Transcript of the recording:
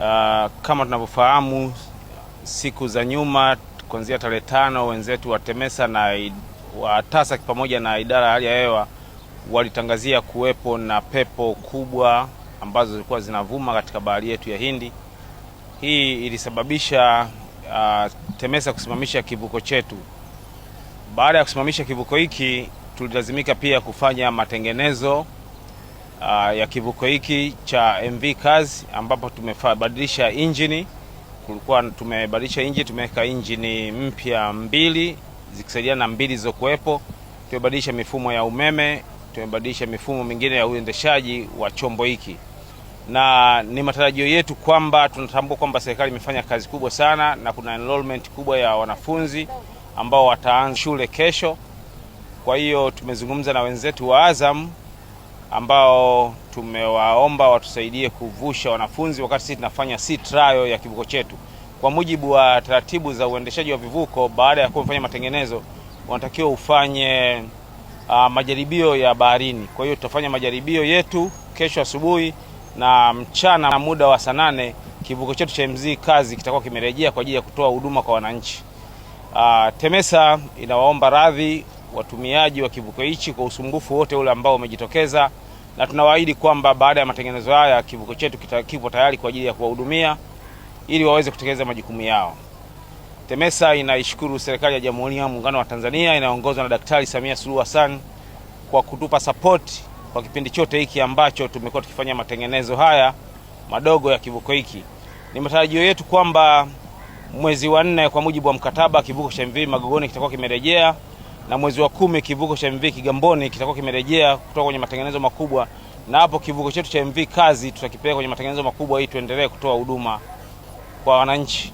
Uh, kama tunavyofahamu siku za nyuma kuanzia tarehe tano wenzetu wa TEMESA na wa TASAC pamoja na idara ya hali ya hewa walitangazia kuwepo na pepo kubwa ambazo zilikuwa zinavuma katika bahari yetu ya Hindi. Hii ilisababisha uh, TEMESA kusimamisha kivuko chetu. Baada ya kusimamisha kivuko hiki, tulilazimika pia kufanya matengenezo uh, ya kivuko hiki cha MV Kazi ambapo tumebadilisha injini. Kulikuwa tumebadilisha injini, tumeweka injini mpya mbili zikisaidiana na mbili zilizokuwepo. Tumebadilisha mifumo ya umeme, tumebadilisha mifumo mingine ya uendeshaji wa chombo hiki, na ni matarajio yetu kwamba tunatambua kwamba serikali imefanya kazi kubwa sana na kuna enrollment kubwa ya wanafunzi ambao wataanza shule kesho. Kwa hiyo tumezungumza na wenzetu wa Azam ambao tumewaomba watusaidie kuvusha wanafunzi wakati sisi tunafanya si trial ya kivuko chetu. Kwa mujibu wa taratibu za uendeshaji wa vivuko, baada ya kuwa umefanya matengenezo, wanatakiwa ufanye uh, majaribio ya baharini. Kwa hiyo tutafanya majaribio yetu kesho asubuhi na mchana, na muda wa saa nane kivuko chetu cha MZ Kazi kitakuwa kimerejea kwa ajili ya kutoa huduma kwa wananchi. Uh, TEMESA inawaomba radhi watumiaji wa kivuko hichi kwa usumbufu wote ule ambao umejitokeza na tunawaahidi kwamba baada ya matengenezo haya kivuko chetu kipo tayari kwa ajili ya kuwahudumia ili waweze kutekeleza majukumu yao. TEMESA inaishukuru serikali ya Jamhuri ya Muungano wa Tanzania inayoongozwa na Daktari Samia Suluhu Hassan kwa kutupa sapoti kwa kipindi chote hiki ambacho tumekuwa tukifanya matengenezo haya madogo ya kivuko hiki. Ni matarajio yetu kwamba mwezi wa nne, kwa mujibu wa mkataba, kivuko cha MV Magogoni kitakuwa kimerejea na mwezi wa kumi kivuko cha MV Kigamboni kitakuwa kimerejea kutoka kwenye matengenezo makubwa, na hapo kivuko chetu cha MV Kazi tutakipeleka kwenye matengenezo makubwa ili tuendelee kutoa huduma kwa wananchi.